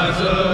ma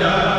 jaa